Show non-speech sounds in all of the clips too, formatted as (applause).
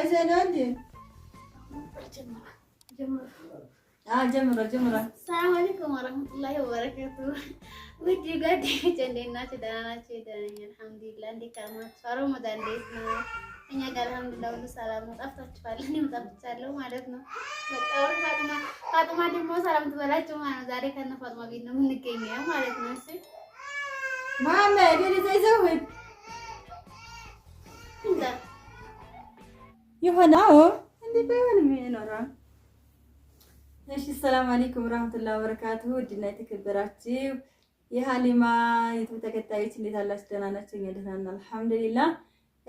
አይዘናል ጀምሯል ጀምሯል። ሰላም አለይኩም ወረህመቱላሂ ወበረካቱ። ውድ ጓደኞቼ እንዴት ናችሁ? ደህና ናችሁ? ደህና ነኝ አልሐምዱሊላህ። እንዴት ከረማችሁ? ረመዳን እንዴት ነው? እኛ ጋር አልሐምዱሊላህ ሁሉ ሰላም ነው። ጠፍታችኋል፣ እኔም ጠፍቻለሁ ማለት ነው። ፋጥማ ደግሞ ሰላም ትበላችሁ ማለት ነው። ዛሬ ፋጥማ ቤት ነው የምንገኘው ማለት ነው። እሺ የሆነ አዎ፣ እንዴ ባይሆንም ይኖራል። እሺ፣ ሰላም አለይኩም ወራህመቱላሂ ወበረካቱ። ውድና የተከበራችሁ የሀሊማ ዩቲዩብ ተከታዮች እንዴት አላችሁ? ደህና ናችሁ? እኛ ደህና ነን አልሐምዱሊላህ።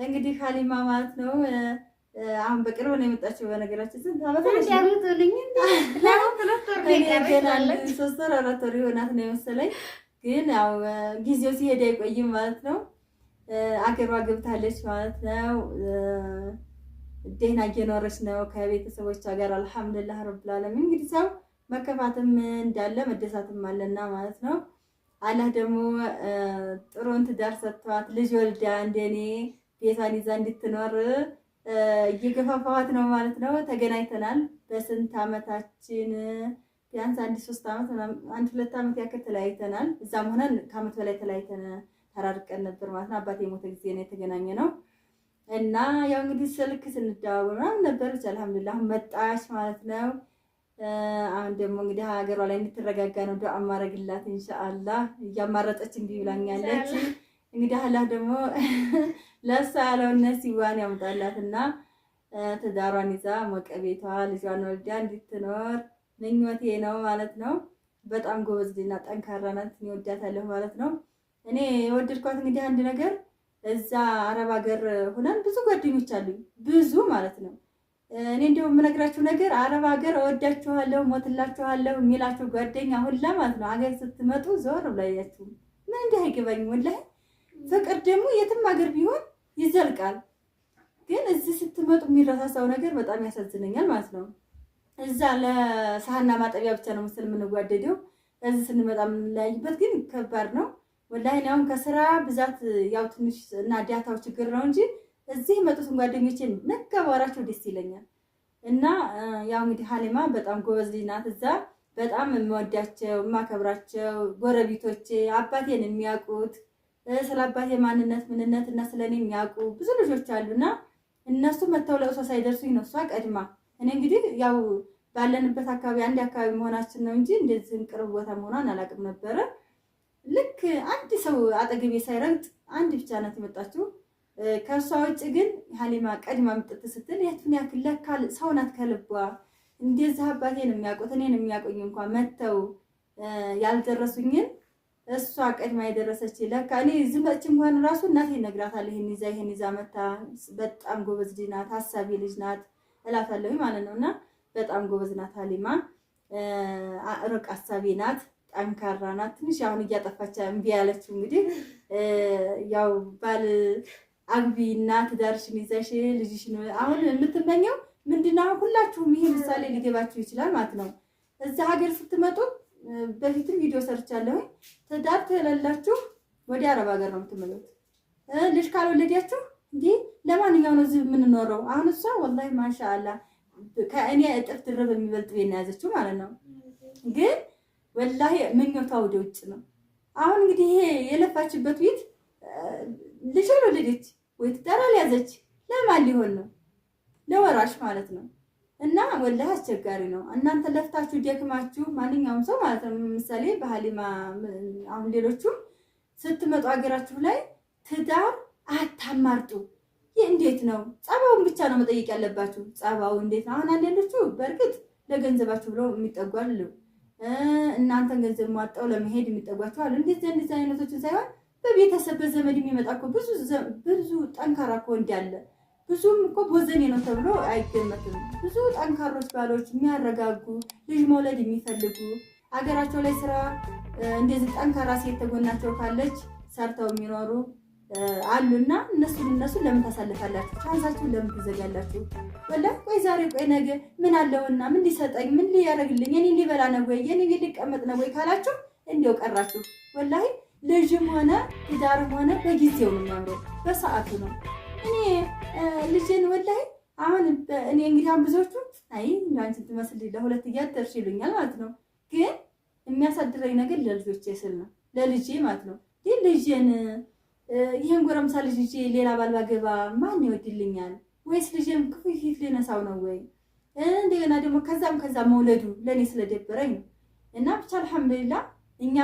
እንግዲህ ሀሊማ ማለት ነው አሁን በቅርብ ነው የመጣችው። በነገራችን ስንት አመት ያሉትልኝ ሶስት ወር አራት ወር የሆናት ነው የመሰለኝ። ግን ያው ጊዜው ሲሄድ አይቆይም ማለት ነው። አገሯ ገብታለች ማለት ነው። ደህና እየኖረች ነው ከቤተሰቦቿ ጋር አልሐምዱላህ ረብል እንግዲህ ሰው መከፋትም እንዳለ መደሳትም አለና ማለት ነው። አላህ ደግሞ ጥሩን ትዳር ሰጥቷት ልጅ ወልዳ እንደኔ ቤቷን ይዛ እንድትኖር እየገፋፋዋት ነው ማለት ነው። ተገናኝተናል። በስንት ዓመታችን ቢያንስ አንድ ሶስት ዓመት አንድ ሁለት ዓመት ያክል ተለያይተናል። እዛም ሆነን ከዓመት በላይ ተለያይተን ተራርቀን ነበር ማለት ነው። አባቴ የሞተ ጊዜ ነው የተገናኘ ነው። እና ያው እንግዲህ ስልክ ስንደዋወል ምናምን ነበረች። አልሐምዱሊላህ መጣች ማለት ነው። አሁን ደግሞ እንግዲህ ሀገሯ ላይ እንድትረጋጋ ነው ዱዓ ማድረግላት ኢንሻአላህ። እያማረጠች እንዲህ ብላኛለች። እንግዲህ አላህ ደግሞ (laughs) ለእሷ ያለውን ነሲዋን እና ትዳሯን ይዛ ሞቀ ቤቷ ልጇን ወልዳ እንድትኖር ምኞቴ ነው ማለት ነው። በጣም ጎበዝና ልጅና ጠንካራ ናት። እወዳታለሁ ማለት ነው። እኔ የወደድኳት እንግዲህ አንድ ነገር እዛ አረብ ሀገር ሆነን ብዙ ጓደኞች አሉኝ፣ ብዙ ማለት ነው። እኔ እንዲሁ የምነግራችሁ ነገር አረብ ሀገር እወዳችኋለሁ፣ ሞትላችኋለሁ የሚላችሁ ጓደኛ ሁላ ማለት ነው። ሀገር ስትመጡ ዞር ብላያችሁ ምን እንዲህ አይገባኝም። ወላሂ ፍቅር ደግሞ የትም ሀገር ቢሆን ይዘልቃል፣ ግን እዚህ ስትመጡ የሚረሳሳው ነገር በጣም ያሳዝነኛል ማለት ነው። እዛ ለሳህና ማጠቢያ ብቻ ነው ምስል የምንጓደደው፣ እዚህ ስንመጣ የምንለያይበት ግን ከባድ ነው። ወላሂ አሁን ከስራ ብዛት ያው ትንሽ እና ዳታው ችግር ነው እንጂ እዚህ የመጡትን ጓደኞችን ነገ ደስ ይለኛል። እና ያው እንግዲህ ሀሊማ በጣም ጎበዝ ልጅ ናት። እዛ በጣም የምወዳቸው የማከብራቸው ጎረቤቶቼ አባቴን የሚያውቁት ስለ አባቴ ማንነት ምንነት እና ስለ እኔ የሚያውቁ ብዙ ልጆች አሉና እነሱ መተው ለእሷ ሳይደርሱኝ ነው እሷ ቀድማ። እኔ እንግዲህ ያው ባለንበት አካባቢ አንድ አካባቢ መሆናችን ነው እንጂ እንደዚህ ቅርብ ቦታ መሆኗን አላውቅም ነበረ። ልክ አንድ ሰው አጠገቤ ሳይረግጥ አንድ ብቻ ናት የመጣችው። ከእሷ ውጭ ግን ሀሊማ ቀድማ ምጥት ስትል የቱን ያክል ለካ ሰው ናት ከልቧ። እንደዚህ አባቴን የሚያውቁት እኔን የሚያውቁኝ እንኳ መጥተው ያልደረሱኝን እሷ ቀድማ የደረሰች ለካ እኔ ዝመች እንኳን ራሱ እናቴ እነግራታለሁ። ይህን ይዛ ይህን ይዛ መታ በጣም ጎበዝ ልጅ ናት፣ ሀሳቢ ልጅ ናት እላታለሁ ማለት ነው። እና በጣም ጎበዝ ናት ሀሊማ፣ ሩቅ ሀሳቢ ናት። ጠንካራ ናት። ትንሽ አሁን እያጠፋች እምቢ ያለችው እንግዲህ ያው ባል አግቢ እና ትዳርሽን ይዘሽ ልጅሽን አሁን የምትመኘው ምንድነው? ሁላችሁም ይሄ ምሳሌ ሊገባችሁ ይችላል ማለት ነው። እዛ ሀገር ስትመጡ በፊትም ቪዲዮ ሰርቻለሁ። ትዳር ከሌላችሁ ወደ አረብ ሀገር ነው የምትመጡት። ልጅ ካልወለዳችሁ እንዲህ ለማንኛው ነው እዚህ የምንኖረው? አሁን እሷ ወላሂ ማሻአላ ከእኔ እጥፍ ድርብ የሚበልጥ ቤት ነው ያዘችው ማለት ነው ግን ወላሂ ምኞቷ ወደ ውጭ ነው። አሁን እንግዲህ ይሄ የለፋችበት ቤት ልጅ ወለደች ወይ ትዳር አልያዘች ለማን ሊሆን ነው? ለወራሽ ማለት ነው። እና ወላሂ አስቸጋሪ ነው። እናንተ ለፍታችሁ ደክማችሁ ማንኛውም ሰው ማለት ነው። ምሳሌ በሀሊማ አሁን ሌሎቹም ስትመጡ ሀገራችሁ ላይ ትዳር አታማርጡ። ይህ እንዴት ነው? ጸባውን ብቻ ነው መጠየቅ ያለባችሁ። ጸባው እንዴት ነው? አሁን አንዳንዶቹ በእርግጥ ለገንዘባችሁ ብለው የሚጠጓሉ እናንተን ገንዘብ ሟጠው ለመሄድ የሚጠጓቸው አሉ። እንደዚህ እንደዚህ አይነቶችን ሳይሆን በቤተሰብ በዘመድ የሚመጣ እኮ ብዙ ብዙ ጠንካራ እኮ እንዳለ ብዙም እኮ ቦዘኔ ነው ተብሎ አይገመትም። ብዙ ጠንካሮች ባሎች የሚያረጋጉ ልጅ መውለድ የሚፈልጉ አገራቸው ላይ ስራ እንደዚህ ጠንካራ ሴት ተጎናቸው ካለች ሰርተው የሚኖሩ አሉና እነሱን እነሱን ለምን ታሳልፋላችሁ? ቻንሳችሁን ለምን ትዘጋላችሁ? ወላ ቆይ ዛሬ ቆይ ነገ ምን አለውና ምን ሊሰጠኝ ምን ሊያደርግልኝ እኔ ሊበላ ነው ወይ እኔ ሊቀመጥ ነው ወይ ካላችሁ እንዲያው ቀራችሁ። ወላሂ ልጅም ሆነ ትዳርም ሆነ በጊዜው ነው በሰዓቱ ነው። እኔ ልጅን ወላሂ አሁን እኔ እንግዲህ አሁን ብዙዎቹ አይ አንቺን ትመስል ለሁለት እያደርሽ ይሉኛል ማለት ነው። ግን የሚያሳድረኝ ነገር ለልጆቼ ስል ነው ለልጄ ማለት ነው። ግን ልጅን ይህን ጎረምሳ ልጅ ልጄ ሌላ ባል ባገባ ማን ይወድልኛል? ወይስ ልጅም ክፉ ፊት ልነሳው ነው ወይ? እንደገና ደግሞ ከዛም ከዛ መውለዱ ለእኔ ስለደበረኝ እና ብቻ አልሐምዱሊላ እኛ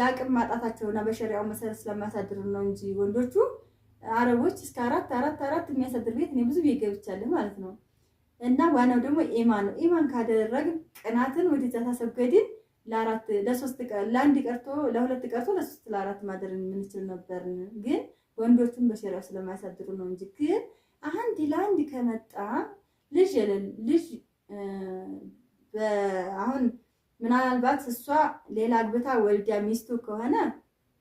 የአቅም ማጣታቸውና በሸሪያው መሰረት ስለማያሳድሩ ነው እንጂ ወንዶቹ አረቦች እስከ አራት አራት አራት የሚያሳድር ቤት እኔ ብዙ ቤት ገብቻለሁ ማለት ነው። እና ዋናው ደግሞ ኢማን ነው። ኢማን ካደረግን ቅናትን ወደዛ ታሰገድን ለአራት ለሶስት ለአንድ ቀርቶ ለሁለት ቀርቶ ለሶስት ለአራት ማደር የምንችል ነበርን። ግን ወንዶቹን በሸሪያው ስለማያሳድሩ ነው እንጂ ግን አንድ ለአንድ ከመጣ ልጅ የለን ልጅ አሁን ምናልባት እሷ ሌላ አግብታ ወልዳ ሚስቱ ከሆነ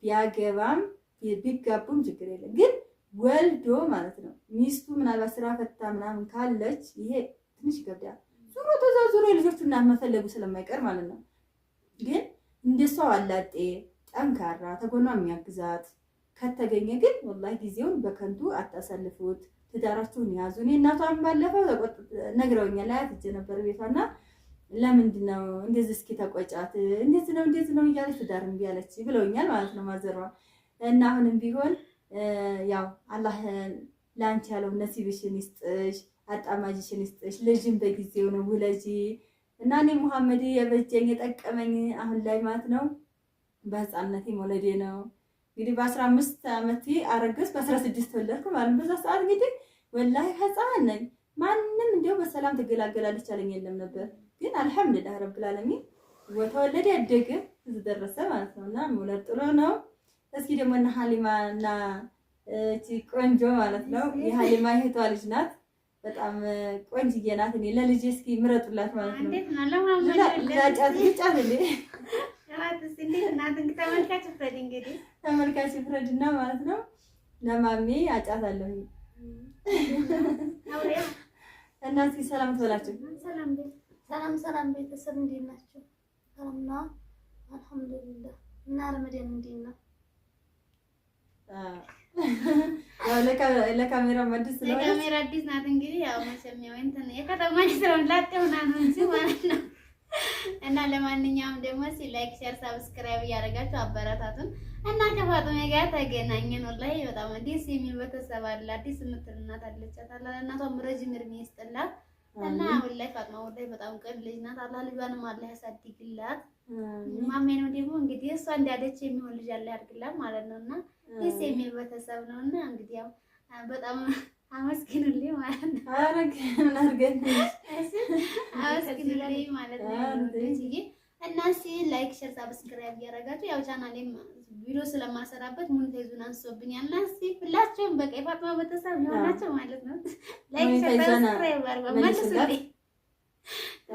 ቢያገባም ቢጋቡም ችግር የለም። ግን ወልዶ ማለት ነው ሚስቱ ምናልባት ስራ ፈታ ምናምን ካለች ይሄ ትንሽ ይገብዳል። ዙሮ ተዛዙሮ የልጆቹ እናት መፈለጉ ስለማይቀር ማለት ነው ግን እንደሷ አላጤ ጠንካራ ተጎኗ የሚያግዛት ከተገኘ ግን ወላሂ ጊዜውን በከንቱ አታሳልፉት። ትዳራችሁን ያዙ። እኔ እናቷን ባለፈው ነግረውኛል። አያት እጄ ነበር ቤቷና ለምንድን ነው እንደዚህ እስኪ ተቆጫት እንደዚህ ነው እንደዚህ ነው እያለች ትዳር እምቢ አለች ብለውኛል ማለት ነው ማዘሯ እና አሁንም ቢሆን ያው አላህ ለአንቺ ያለው ነሲብሽን ይስጥሽ፣ አጣማጅሽን ይስጥሽ። ልጅም በጊዜው ነው ውለጂ እና እኔ ሙሐመድ የበጀኝ የጠቀመኝ አሁን ላይ ማለት ነው በህፃንነቴ መውለዴ ነው። እንግዲህ በአስራ አምስት ዓመቴ አረገዝ በአስራ ስድስት ተወለድኩ ማለት በዛ ሰዓት እንግዲህ ወላሂ ህፃን ነኝ። ማንም እንዲያው በሰላም ትገላገላለች አለኝ የለም ነበር። ግን አልሐምዱሊላህ ረብል ዓለሚን ወተወለደ ያደገ እዚህ ማለት ነው። እና መውለድ ጥሩ ነው። እስኪ ደግሞ እና ሀሊማ እና ቆንጆ ማለት ነው የሀሊማ እህቷ ልጅ ናት በጣም ቆንጅዬ ናት። እኔ ለልጄ እስኪ ምረጡላት ማለት ነው። ተመልካች ፍረድና ማለት ነው። ለማሜ አጫት አለሁ እና እስኪ ሰላም ትበላችሁ። ሰላም ሰላም፣ ቤተሰብ እንዴት ናቸው? ሰላም ነዋ፣ አልሐምዱሊላህ። እና ረመዳን እንዴት ነው? ለካሜራ አዲስ ለካሜራ አዲስ ናት። እንግዲህ ያው መቼም እንትን የከተማ ላጤ ሆና ነው እንጂ ማለት ነው። እና ለማንኛውም ደግሞ ሲ ላይክ፣ ሼር፣ ሳብስክራይብ እያደረጋችሁ አበረታቱን እና ከፋጡሜ ጋር ተገናኘን። ወላሂ በጣም ደስ የሚል ቤተሰብ አለ። አዲስ የምትል እናት አለቻት። እናቷም ረጅም እድሜ ይስጥላት እና አሁን ላይ ፋጡማ ወላሂ በጣም ቅን ልጅ ናት። አላህ ልጇንም አላህ ያሳድግላት። ማሜንም ደግሞ እንግዲህ እሷ እንዳለች የሚሆን ልጅ አለ ያድርግላት ማለት ነው እና ደስ የሚል ቤተሰብ ነው እና እንግዲህ ያው በጣም አመስግኑልኝ ማለት ነው። አመስግኑልኝ ማለት ነው። እና እስኪ ላይክ፣ ሼር፣ ሰብስክራይብ እያደረጋችሁ ያው ቻናሌም ቪዲዮ ስለማሰራበት ሙኒታይዙን አንስቶብኛል እና እስኪ ሁላችሁም በቃ የፋጥማ ቤተሰብ የሆናችሁ ማለት ነው ላይክ፣ ሼር፣ ሰብስክራይብ አድርጉ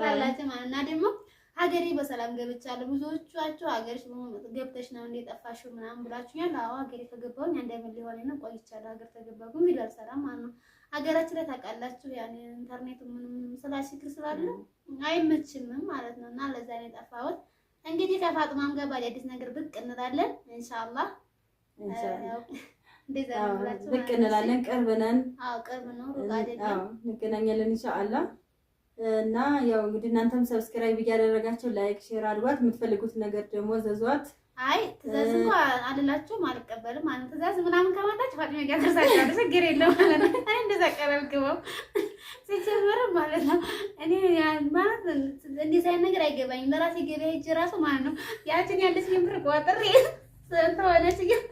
ማለት እና ደግሞ ሀገሬ በሰላም ገብቻለሁ። ብዙዎቻችሁ ሀገርሽ ገብተሽ ነው እንደጠፋሽ ጠፋሽው ምናምን ብላችሁኛል። አዎ ሀገሬ ከገባሁኝ አንድ አይነት ሊሆን ነው ቆይቻለሁ። ሀገር ከገባሁ ግን ቪዲዮ አልሰራም ማለት ነው። ሀገራችን ላይ ታውቃላችሁ፣ ያን ኢንተርኔቱ ምንም ስላሽክር ስላለ አይመችም ማለት ነው። እና ለዛ ነው የጠፋሁት። እንግዲህ ከፋጥማም ጋር በአዲስ ነገር ብቅ እንላለን ኢንሻአላህ። እንደዛ ብቅ እንላለን። ቅርብ ነን። አዎ ቅርብ ነው። ሩቅ አይደለም። እንገናኛለን ኢንሻአላህ። እና ያው እንግዲህ እናንተም ሰብስክራይብ እያደረጋችሁ ላይክ፣ ሼር አድርጓት። የምትፈልጉት ነገር ደግሞ ዘዟት። አይ ትእዛዝ እንኳ አልላችሁም፣ አልቀበልም ማለት ትእዛዝ ምናምን ከመጣች ፋጥሜ ጋር ተሳካለ ችግር የለም ማለት ነው። አይ እንደዛ ቀረብ ግበው ሲጀመር ማለት ነው። እኔ ማለት እንዲህ ሳይ ነገር አይገባኝም። ለራሴ ገበያ ሄጄ ራሱ ማለት ነው ያችን ያለች ምርቅ ዋጥሬ ስንት ሆነች ግን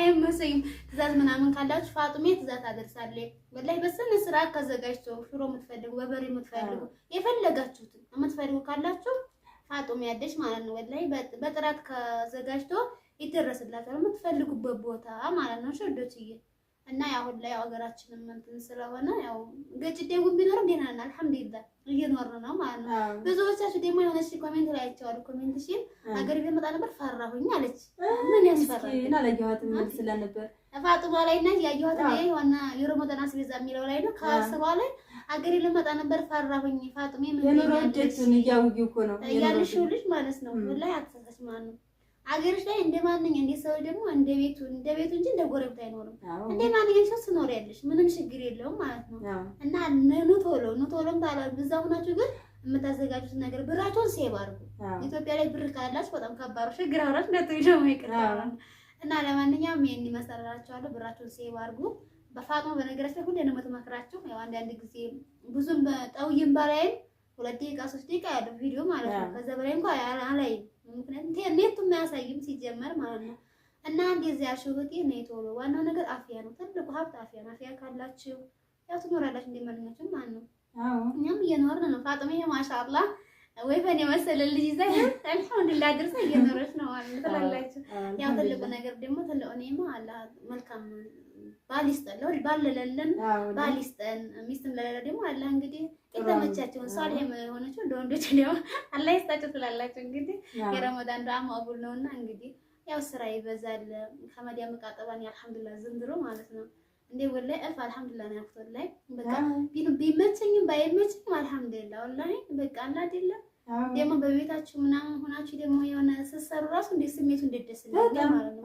አይመሰኝም። ትእዛዝ ምናምን ካላችሁ ፋጡሜ ትእዛዝ አደርሳለሁ። ወላሂ በስነ ስርዓት ከዘጋጅቶ ሽሮ የምትፈልጉ በበሬ የምትፈልጉ የፈለጋችሁትን የምትፈልጉ ካላችሁ ፋጡሜ ያለች ማለት ነው። ወላሂ በጥራት ከዘጋጅቶ ይደረስላችኋል የምትፈልጉበት ቦታ ማለት ነው። ሸዶችዬ እና ያው አሁን ላይ ሀገራችንም እንትን ስለሆነ ያው ግጭት ደግሞ ቢኖርም ደህና ነን፣ አልሐምዱሊላህ ነው ማለት ነው። ብዙዎቻችሁ ደግሞ የሆነች ኮሜንት ላይ አይቼዋለሁ። ኮሜንት ሲል ሀገር ልመጣ ነበር ፈራሁኝ አለች። ምን ያስፈራል? ፋጡማ ላይ እና ያየሁት ላይ የሆነ የሮሞተና አስቤዛ የሚለው ላይ ነው። ከአስሯ ላይ ሀገር ልመጣ ነበር ፈራሁኝ ፋጡሜ ምን ነው ያልሽው ልጅ ማለት ነው ላይ አትሰሰች ማለት ነው አገርሽ ላይ እንደ ማንኛውም እንደ ሰው ደግሞ እንደ ቤቱ እንደ ቤቱ እንጂ እንደ ጎረቤት አይኖርም። እንደ ማንኛውም ሰው ስኖር ያለሽ ምንም ችግር የለውም ማለት ነው። እና ኑ ቶሎ ኑ ቶሎ ታላ ብዛው ናችሁ ግን የምታዘጋጁት ነገር ብራቸውን ሴቭ አድርጉ። ኢትዮጵያ ላይ ብር ካላችሁ በጣም ከባድ ችግር አብራችሁ እንደት ይደሙ ይቀራሉ። እና ለማንኛውም ይሄን ይመስላችኋለሁ። ብራቸውን ሴቭ አድርጉ። በፋኖ በነገራችን ሁሌ ነው የምትመክራችሁ ያው አንዳንድ ጊዜ ብዙም ጠውይም ባላይም ሁለት ደቂቃ ሶስት ደቂቃ ያለው ቪዲዮ ማለት ነው። ከዛ በላይ እንኳን አላይም ምክንያቱም ኔቱም አያሳይም ሲጀመር ማለት ነው። እና እንደዚህ ያልሽው እህቴ ነይ ቶሎ። ዋናው ነገር አፍያ ነው፣ ትልቁ ሀብት አፍያ ነው። አፍያ ካላችሁ ያው ትኖራላችሁ እንደማንኛችሁም ማለት ነው። እኛም እየኖርን ነው። ፋጥሜ ማሻአላ ወይፈን የመሰለ ልጅ ይዛ አልሐምዱሊላህ ድርሳ እየኖረች ነው ማለት ትላላችሁ። ያው ትልቁ ነገር ደግሞ ትልቁ ኔማ አላህ መልካም ባል ይስጠን፣ ለሁል ባል ለሌለን ባል ይስጠን፣ ሚስትም ለሌለ ደግሞ አላህ እንግዲህ የተመቻቸውን ሷሊህ የሆነችው እንደ ወንዶች ሊያው አላህ ይስጣቸው ትላላቸው። እንግዲህ የረመዳን ዱዓ ማቡል ነውና እንግዲህ ያው ስራ ይበዛል። ከመዲያ መቃጠባን አልሐምዱሊላህ ዘንድሮ ማለት ነው እንዴ ወላይ እልፍ አልሐምዱሊላህ ነው ያልኩት። ላይ በቃ ቢመቸኝም ባይመቸኝም አልሐምዱሊላህ ወላይ በቃ እና አይደለም ደግሞ በቤታችሁ ምናምን ሆናችሁ ደግሞ የሆነ ስትሰሩ ራሱ እንዴት ስሜቱ እንዴት ደስ ይላል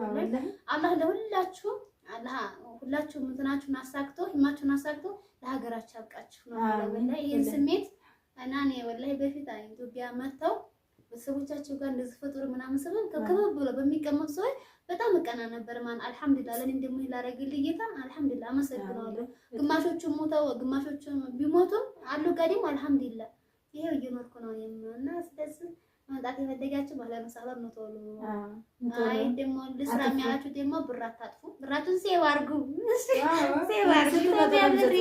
ማለት ነው። አላህ ለሁላችሁም አላህ ሁላችሁም እንትናችሁን አሳክቶ ህማችሁን አሳክቶ ለሀገራችን ያብቃችሁ ነው ያለውና ይህን ስሜት እና እኔ ወላሂ በፊት ኢትዮጵያ መጥተው ቤተሰቦቻቸው ጋር እንደዚህ ፈጥሮ ምናምን ሰበብ ከከበብ ብሎ በሚቀመጡ ሰዎች በጣም እቀና ነበር። ማን አልሐምዱሊላህ ለኔ እንደሞ ይላረግልኝ ጌታ አልሐምዱሊላህ አመሰግናለሁ። ግማሾቹ ሞተው ግማሾቹ ቢሞቱም አሉ ጋዲም አልሐምዱሊላህ ይሄው እየኖርኩ ነው እና ስለዚህ መምጣት የፈለጋችሁ ባህላ መሳላ ነው ተወሉ። አይ ደሞ ልስራ የሚያላችሁ ደሞ ብር አታጥፉ። ብራቱን ሴቭ አድርጉ፣ ሴቭ አድርጉ ቢያምር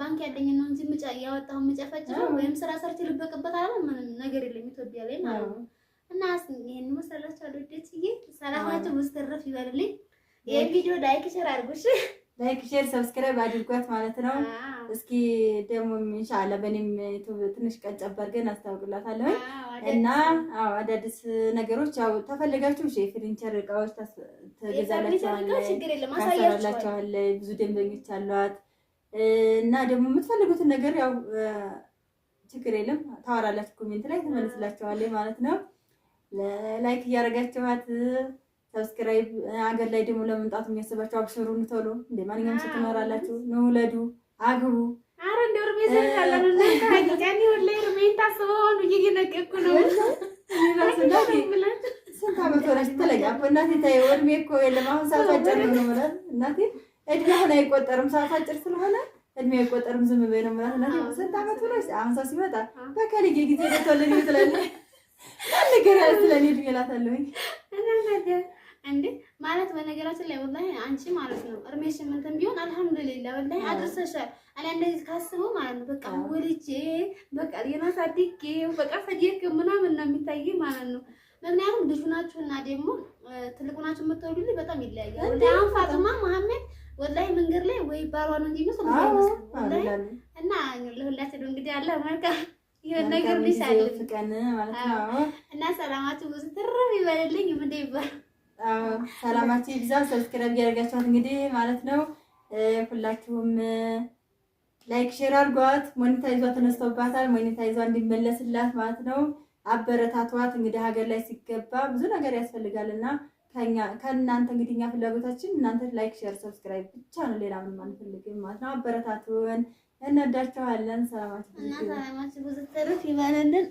ባንክ ያለኝ ነው እንጂ ምጫ ያወጣሁ ምጨፈጭ ወይም ስራ ሰርቼ ልበቅበት አለ ምንም ነገር የለም ኢትዮጵያ ላይ ማለት ነው። እና ይሄን መሰላችሁ አልወደችዬ ሰላማችሁ ብስትርፍ ይበልልኝ። ይሄን ላይክ ሸር አድርጉሽ። ላይክ ሼር ሰብስክራይብ አድርጓት ማለት ነው። እስኪ ደግሞ ኢንሻአላ በኔም ዩቲዩብ ትንሽ ቀን ጨበር ግን አስታውቅላታለሁ እና አዎ አዳዲስ ነገሮች ያው ተፈልጋችሁ እሺ፣ የፍርኒቸር እቃዎች ተገዛላችኋል። ብዙ ደንበኞች አሏት እና ደግሞ የምትፈልጉትን ነገር ያው ችግር የለም ታወራላችሁ። ኮሜንት ላይ ተመልስላችኋለሁ ማለት ነው። ላይክ እያደረጋችኋት ሰብስክራይብ አገር ላይ ደግሞ ለመምጣት የሚያስባቸው አብሽሩን ቶሎ እንደ ማንኛውም ሰው ትኖራላችሁ። ንውለዱ፣ አግቡ። አረ እንደ እርሜ ዘላለን ታቂጫኒ ወላ እርሜ ታስበሆኑ እየገነቀኩ ነው ስንት አመት እናቴ ተይው እድሜ እኮ የለም አሁን ሰዓት አጭር ነው ምላት እናቴ አይቆጠርም ሰዓት አጭር ስለሆነ እድሜ አይቆጠርም ዝም በይ ነው ምላት እናቴ ስንት አመት አሁን ሰው ሲመጣ በቃ ጊዜ ደርሷል ልጄ ነገር ያለ ስለኔ እድሜ እላታለሁኝ እንዴ ማለት በነገራችን ላይ ወላሂ አንቺ ማለት ነው እርሜሽ ምንትን ቢሆን አልሐምዱሊላ ወላሂ አድርሰሻል። እኔ እንደዚህ ካስበው ማለት ነው በቃ ወልጄ በቃ የማሳድጌ በቃ ፈጀክ ምናምን ነው የሚታይ ማለት ነው። ምክንያቱም ልጁ ናችሁና ደግሞ ትልቁ ናችሁ የምትወዱልኝ በጣም ይለያያል። ወላሂ አሁን ፋጡማ መሐመድ ወላሂ መንገድ ላይ ወይ ባሏ ነው እንጂ ነው ወላሂ እና ለሁላችሁ እንግዲህ አለ መልካም ይሄን ነገር ሊሳይ ፍቀነ ማለት ነው እና ሰላማችሁ ብዙ ትርፍ ይበልልኝ ምን ይባል ሰላማችሁ ይብዛ። ሰብስክራይብ ያደርጋችኋት እንግዲህ ማለት ነው። ሁላችሁም ላይክ ሼር አድርጓት። ሞኔታይዟ ተነስቶባታል። ሞኔታይዟ እንዲመለስላት ማለት ነው። አበረታቷት። እንግዲህ ሀገር ላይ ሲገባ ብዙ ነገር ያስፈልጋልና ከኛ ከእናንተ እንግዲህ እኛ ፍላጎታችን እናንተ ላይክ ሼር ሰብስክራይብ ብቻ ነው። ሌላ ምንም አንፈልግም ማለት ነው። አበረታቱን። እንወዳችኋለን። ሰላማችሁ ብዙ ተሩት ይባላልን